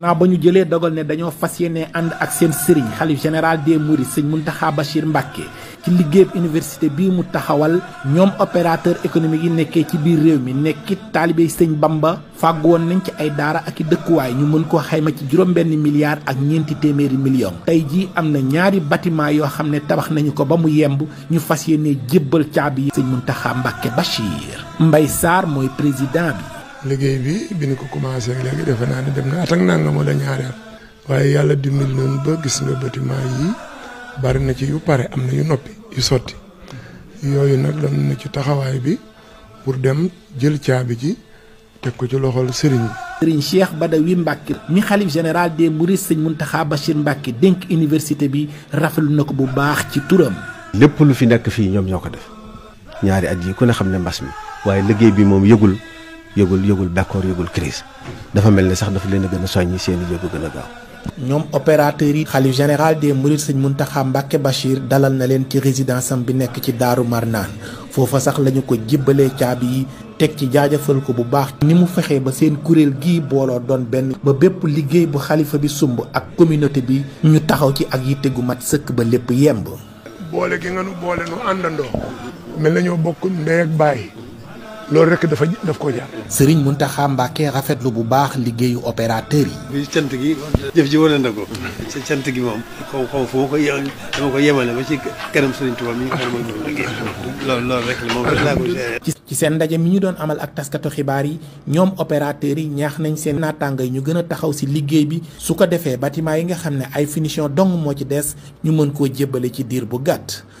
naa ba ñu jëlee dogal ne dañoo fas yéene ànd ak seen sëriñ xalif général de Mourides sëñ Muntaxa Bachir Mbàkke ci liggéeyub université bii mu taxawal ñoom opérateur économique yi nekkee ci biir réew mi nekkit taalibe sëñ Bamba fàggu woon nañ ci ay daara ak i dëkkuwaay ñu mën koo xayma ci juróom-benn milliard ak ñeenti téeméeri million tey jii am na ñaari bâtiment yoo xam ne tabax nañu ko ba mu yemb ñu fas yéene jébbal caabi yi sëñ Muntaxa Mbàkke Bachir Mbay Sarr mooy président liggéey bi bi ñu ko commencé léegi defe naa ne dem na at ak nangam wala ñaareel waaye yàlla dimbali nañu ba gis nga bâtiment yi bari na ci yu pare am na yu noppi yu sotti yooyu nag lan na ci taxawaay bi pour dem jël caabi ji teg ko ci loxol sëriñ bi. sëriñ Cheikh Badawi Mbacke mi xalif général des Mourides sëñ Mountakha Bachir Mbacke dénk université bi rafetlu na ko bu baax ci turam. lépp lu fi nekk fii ñoom ñoo ko def ñaari at yi ku ne xam ne mbas mi waaye liggéey bi moom yëgul. yëgul yëgul d'accord yëgul crise dafa mel ne sax dafa leen gën a soññi seen i yëgu gën ñoom opérateurs yi. xalif général de mourides sëñ Muntaxa Mbàkke Bachir dalal na leen ci résidence am bi nekk ci Daaru Marnaan foofa sax lañu ko jébbalee caabi yi. teg ci jaajëfal ko bu baax ni mu fexee ba seen kuréel gii booloo doon benn ba bépp liggéey bu xalifa bi sumb ak communauté bi ñu taxaw ci ak yi gu mat sëkk ba lépp yemb boole gi nga boole nu àndandoo mel na ñoo bokk ndey ak baay loolu rek dafa daf koo jaar. Serigne Mountakha Mbacké rafetlu bu baax liggéeyu opérateur yi. bi cant gi jëf ji na ko. cant gi moom xaw xaw foo ko dama ci kanam Serigne Touba mi loolu loolu ci seen ndaje mi ñu doon amal ak taskatu xibaar yi ñoom opérateur yi ñaax nañ seen naataango yi ñu gën a taxaw si liggéey bi su ko defee bâtiment yi nga xam ne ay finition dong moo ci des ñu mën koo jébbale ci diir bu gàtt.